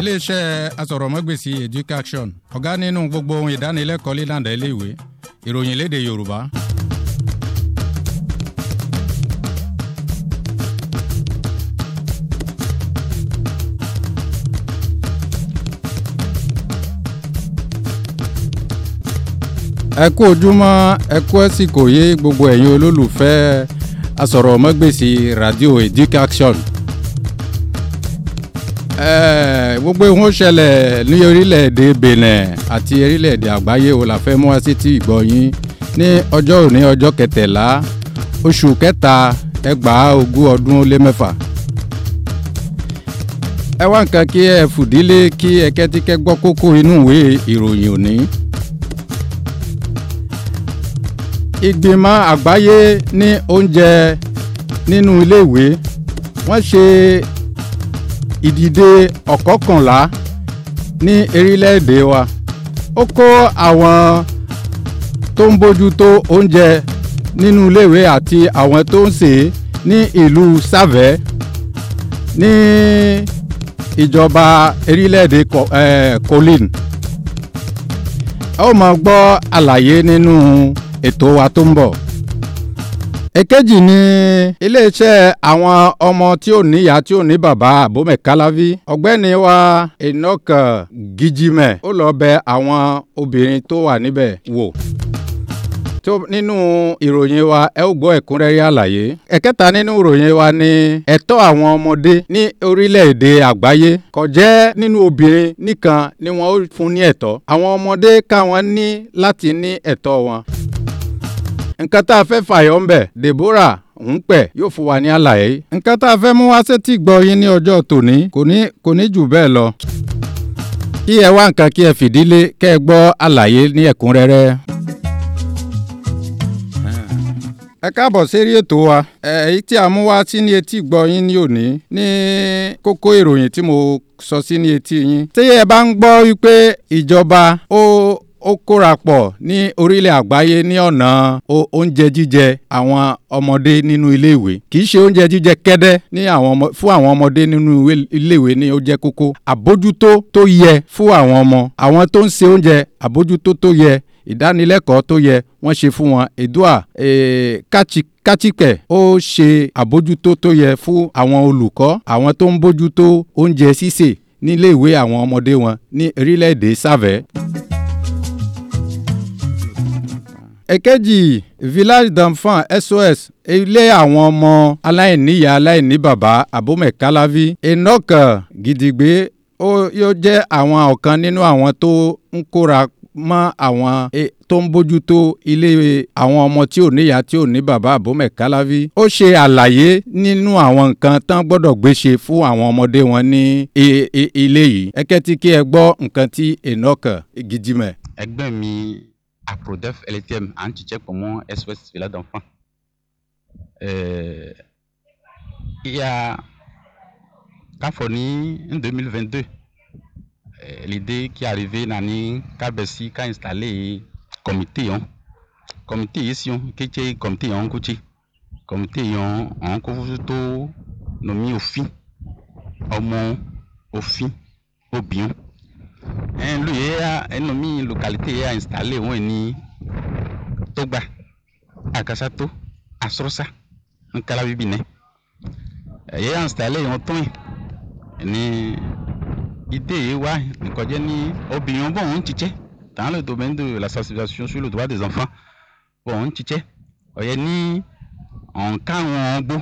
iléeṣẹ́ asọ̀rọ̀mọ́gbèsì education ọ̀gá nínú gbogbo ohun ìdánilẹ́kọ̀ọ́ lílànà iléèwé ìròyìn léde yorùbá. ẹ kú ojúmọ́ ẹ kú ẹsìkò yé gbogbo ẹ̀yin olólùfẹ́ asọ̀rọ̀mọ́gbèsì radio education. ẹ̀ẹ́ gbogbo ohun ṣẹlẹ̀ ní orílẹ̀-èdè Benin àti orílẹ̀-èdè àgbáyé wo la fẹ́ mú wá sí ti ìgbọ̀yìn ní ọjọ́ òní ọjọ́ kẹtẹ̀lá oṣù kẹta ẹgbàá ogún ọdún ó lé mẹ́fà. ẹ wá nǹkan kí ẹ fùdílé kí ẹ kẹ́tíkẹ́ gbọ́ kókó inú ìwé ìròyìn òní. ìgbìmọ̀ àgbáyé ní oúnjẹ nínú iléèwé wọ́n ṣe ìdìde ọ̀kọ̀ọ̀kànlá ní erílẹ̀-èdè wa ó kó àwọn tó ń bójú tó oúnjẹ nínú iléèwé àti àwọn tó ń sè é ní ìlú sàvẹ́ ní ìjọba erílẹ̀-èdè colin ó máa gbọ́ àlàyé nínú ètò wa tó ń bọ̀ èkejì ni iléeṣẹ́ àwọn ọmọ tí ò níyàá tí ò ní bàbá abomekalavi ọ̀gbẹ́ni wa enoch gijime ó lọ bẹ àwọn obìnrin tó wà níbẹ̀ wò nínú ìròyìn wa ẹ ó gbọ́ ẹ̀kúnrẹ́rẹ́ àlàyé. ẹ̀kẹta nínú ìròyìn wa ni ẹ̀tọ́ àwọn ọmọdé ní orílẹ̀-èdè àgbáyé kò jẹ́ nínú obìnrin nìkan ni wọ́n ó fún ní ẹ̀tọ́ àwọn ọmọdé káwọn ní láti ní ẹ̀tọ́ wọn. nǹkan tá a fẹ́ fàyọ̀ ń Deborah yóò fún wa ní àlàyé. nǹkan tá a fẹ́ mú wá sétí ní ọjọ́ tòní kò ní jù bẹ́ẹ̀ lọ. kí ẹ wá nǹkan kí ẹ fìdílé kẹ́ ẹ gbọ́ àlàyé ní ẹ̀kúnrẹ́rẹ́. ẹ káàbọ̀ sérí wa èyí tí a mú wá sí ní etí gbọ́ yín ní òní ní kókó ìròyìn tí mo sọ sí ní etí yín. tí ẹ bá ń gbọ́ wípé ìjọba ó kóra pọ̀ ní orílẹ̀ àgbáyé ní ọ̀nà oúnjẹ jíjẹ àwọn ọmọdé nínú iléèwé kì í ṣe oúnjẹ jíjẹ kẹ́dẹ́ ní àwọn ọmọ fún àwọn ọmọdé nínú iléèwé ni ó jẹ́ kókó àbójútó tó yẹ fún àwọn ọmọ àwọn tó ń se oúnjẹ àbójútó tó yẹ ìdánilẹ́kọ̀ọ́ tó yẹ wọ́n ṣe fún wọn edua kátìpẹ̀ ó ṣe àbójútó tó yẹ fún àwọn olùkọ́ àwọn tó ń bójútó oúnjẹ sísè níléèwé àwọn ọmọdé wọn ní orílẹ̀-èdè sàvẹ́ ẹ̀kejì village d'enfants sos ilé àwọn ọmọ aláìníyàá aláìní bàbá abomekalavi enoch gidigbe ó yóò jẹ́ àwọn ọ̀kan nínú àwọn tó ń kóra mọ́ àwọn e, tó ń bójútó ilé àwọn ọmọ tí ò níyàá tí ò ní bàbá abomekalavi ó ṣe àlàyé nínú àwọn nǹkan tán gbọ́dọ̀ gbé ṣe fún àwọn ọmọdé wọn ní e, e, ilé yìí ẹ̀kẹ́tí kí ẹ gbọ́ nǹkan tí enoch gidime. ẹgbẹ́ mi à elle LTM en check comment SOS là d'enfant. Euh, il y a en 2022. Euh, l'idée qui est arrivée, Nani, Kabesi, qui a installé comité. Hein. Comité ici, hein, qui est comité en Kouchi. Comité hein, en Kouzouto, nommé au fin. Au moins, au fin, au bien. en lui ya eno mi localité ya installé wen ni togba akasato asrosa nkala bibine ye ya installé yon ton ni idée wa nǹkan jẹ́ ní obìnrin bọ̀ ń tìjẹ́ dans le domaine de la sensibilisation sur le droit des enfants bọ̀ ń tìjẹ́ ọ̀yẹ́ ní ọ̀nkáwọn ọgbó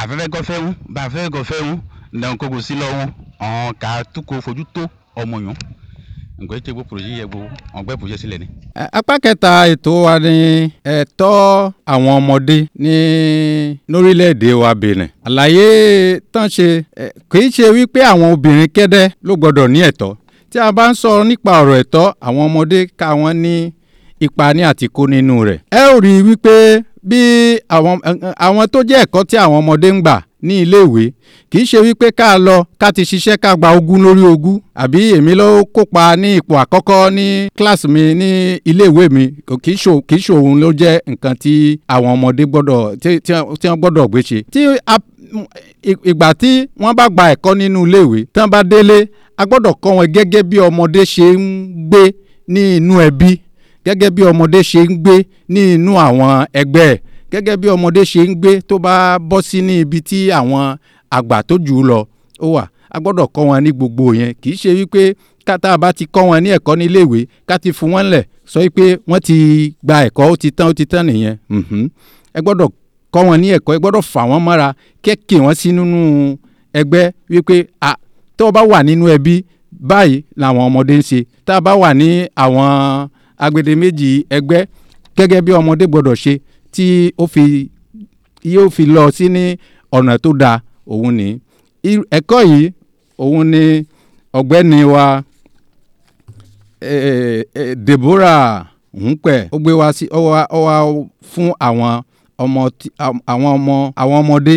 afẹ́fẹ́ gọ́fẹ́ ń bá afẹ́fẹ́ gọ́fẹ́ ń dàn kókò sí lọ́wọ́ on ka tuko fojú tó ọmọ yàn nǹkan ètò ìgbó pòròjì yẹ gbó wọn gbẹ pòròjì sílẹ̀ ni. apá kẹta ètò wa ni ẹ̀tọ́ àwọn ọmọdé ní lórílẹ̀ wa Benin. àlàyé tán ṣe kì í ṣe wípé àwọn obìnrin kẹ́dẹ́ ló gbọ́dọ̀ ní ẹ̀tọ́ tí a bá ń sọ nípa ọ̀rọ̀ ẹ̀tọ́ àwọn ọmọdé ká wọ́n ní ipa ní àti kó nínú rẹ̀. ẹ ò rí i wípé bí àwọn tó jẹ́ ẹ̀kọ́ tí àwọn ọmọdé ń gbà ní iléèwé kì í ṣe wípé ká lọ ká ti ṣiṣẹ́ ká gba ogún lórí ogún àbí èmi ló kópa ní ipò àkọ́kọ́ ní kíláàsì mi ní iléèwé mi kì í ṣe òun ló jẹ́ nǹkan tí àwọn ọmọdé gbọ́dọ̀ tí wọ́n gbọ́dọ̀ gbé ṣe. tí ìgbà tí wọ́n bá gba ẹ̀kọ́ nínú iléèwé tán bá délé a gbọ́dọ̀ kọ́ wọn gẹ́gẹ́ bí ọmọdé ṣe ń gbé ní inú ẹbí gẹ́gẹ́ bí ọmọdé ṣe ń gbé ní inú àwọn ẹgbẹ́ ẹ̀ gẹ́gẹ́ bí ọmọdé ṣe ń gbé tó bá bọ́ sí ní ibi tí àwọn àgbà tó jù ú lọ ó wà a gbọ́dọ̀ kọ́ wọn ní gbogbo yẹn kì í ṣe wípé kátà bá ti kọ́ wọn ní ẹ̀kọ́ ní iléèwé ká ti fún wọn lẹ̀ sọ wípé wọ́n ti gba ẹ̀kọ́ ó ti tán ó ti tán nìyẹn ẹ gbọ́dọ̀ kọ́ wọn ní ẹ̀kọ́ ẹ gbọ́dọ̀ fà wọ́n mọ́ra kẹ́kẹ́ wọn sí nínú ẹgbẹ́ wípé a tó o bá wà nínú ẹbí báyìí làwọn ọmọdé ń ṣe tá a bá wà ní àwọn agbedeméjì ẹgbẹ́ gẹ́gẹ́ bí ọmọdé gbọ́dọ̀ ṣe tí ó fi yóò fi lọ sí ní ọ̀nà tó dáa òun ni ẹ̀kọ́ yìí òun ni ọ̀gbẹ́ni wa Deborah Hunpẹ ó gbé wá sí ọwá fún àwọn ọmọ àwọn ọmọ àwọn ọmọdé.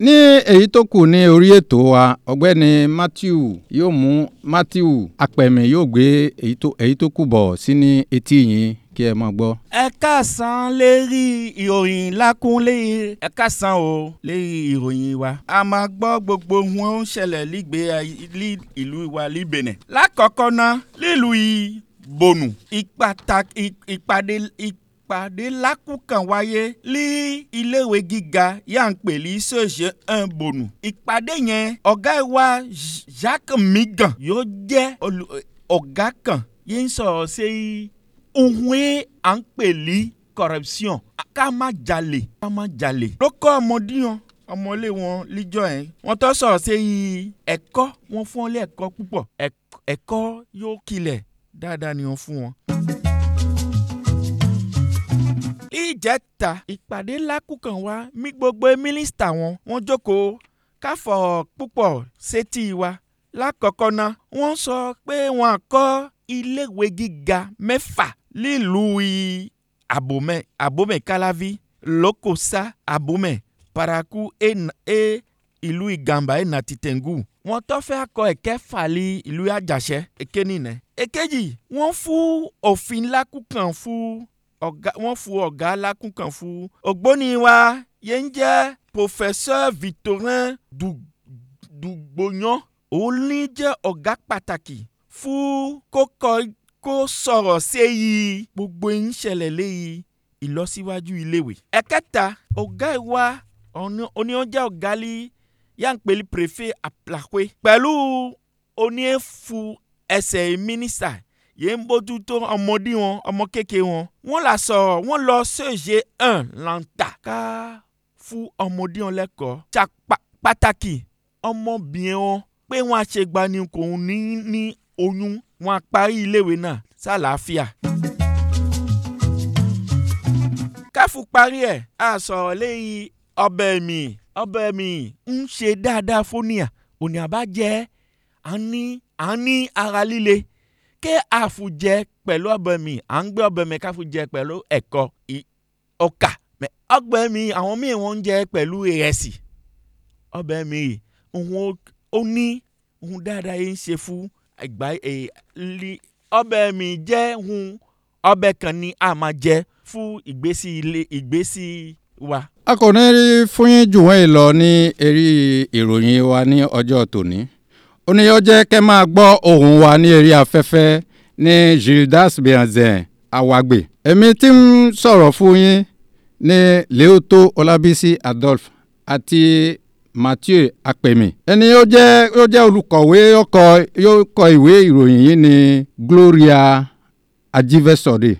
ní èyí tó kù ní orí ètò wa ọ̀gbẹ́ni matthew yóò mú matthew apẹ̀mí yóò gbé èyí tó kù bọ̀ sí ní etí yín kí ẹ mọ̀ gbọ́. ẹ kásán lè rí ìròyìn lákúnlé ẹ kásán o lè rí ìròyìn wa. a máa gbọ́ gbogbo wọn ó ṣẹlẹ̀ lígbé ìlú wa líbẹ̀nẹ̀. lákọ̀ọ́kọ́ náà lílùú ìbònú ìpàdé ìpàdé ìpàdé lákùkàn wáyé ní iléèwé gíga yà ń pè ní ṣèṣe un bònú. ìpàdé yẹn ọ̀gá wa Jacques Migan yóò jẹ́ ọ̀gá kan yìí ń sọ̀rọ̀ sí ohun à ń pè ní corruption ká má jalè ká má jalè. ló kọ́ ọmọdé yẹn ọmọlé wọn líjọ yẹn wọ́n tó sọ̀rọ̀ sí ẹ̀kọ́ wọn fún ọ lẹ́ẹ̀kọ́ púpọ̀ ẹ̀kọ́ yóò kilẹ̀ dáadáa ni wọ́n fún wọn níjẹta ìpàdé ńlá kúkan wá mí gbogbo mínísítà wọn wọ́n jókòó káfọ̀ púpọ̀ sétí wa lákọ̀ọ́kọ́ ná wọ́n sọ pé wọ́n kọ́ iléèwé gíga mẹ́fà nílùú abome abome kalavi lokosa abome paraku e, e ìlú ìgàmbá ẹ̀nà tìtẹ̀ngù wọ́n tó fẹ́ kọ ẹ̀kẹ́ fàlì ìlú àjàṣẹ́ èké nìyẹn. èkejì wọ́n fún òfin lákùkàn fún ọ̀gá wọ́n fu ọ̀gá alákùnkàn fu ògbóni wa yẹn ń jẹ́ professeur Victorin Dùgbòyàn òun ní jẹ́ ọ̀gá pàtàkì fún kókọ́ kó sọ̀rọ̀ sí èyí gbogbo ń ṣẹlẹ̀ léyìí ìlọsíwájú iléèwé. ẹ̀kẹta ọ̀gá ìwà oníyanjẹ́ ọ̀gá lè yá ń pèlè préfet àpàlàkùn pẹ̀lú oníyẹ̀fù ẹsẹ̀ mínísà yìí ń bójútó ọmọdé wọn ọmọ kéke wọn wọ́n là sọ wọ́n lọ ṣèṣe hàn láǹtà ká fún ọmọdé wọn lẹ́kọ̀ọ́ ṣá pàtàkì ọmọbìnrin wọn pé wọ́n á ṣe gbani kò ní ní oyún wọ́n á parí iléèwé náà sálàáfíà. káfù parí ẹ̀ a sọ̀rọ̀ lẹ́yìn ọbẹ̀ mi ọbẹ̀ mi ń ṣe dáadáa fóníà òní àbájẹ́ a ní a ní ara líle ke afudze pẹ̀lú ọbẹ̀ mi à ń gbé ọbẹ̀ mi káfudze pẹ̀lú ẹ̀kọ ọkà ọbẹ̀ mi àwọn míì wọ́n ń jẹ pẹ̀lú ìrẹsì ọbẹ̀ mi òun ó ní òun dáadáa yìí ń ṣe fún ìgbà èlì ọbẹ̀ mi jẹ́ òun ọbẹ̀ kan ni a máa jẹ fún ìgbésí ilé ìgbésí wa. a kò ní rí fún yín jù wọ́n yìí lọ ní eré ìròyìn wa ní ọjọ́ tòní ó ní ó jẹ́ kẹ́ máa gbọ́ ohùn wa ní eré afẹ́fẹ́ ní gildas benzin awagbe èmi tí ń sọ̀rọ̀ fún yín ní leoto ọlábísí adolf àti mathieu apèmí ẹni ó jẹ́ ó jẹ́ olùkọ̀wé yóò kọ ìwé ìròyìn yìí ní gloria ajivesore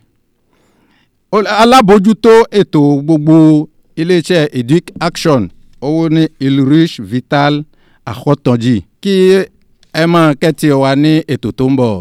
alábòjútó ètò gbogbo iléeṣẹ́ edic action owó ní ilrich vital akọ́tànjì kí ẹ máa kẹ́tì wa ní ètò tó ń bọ̀.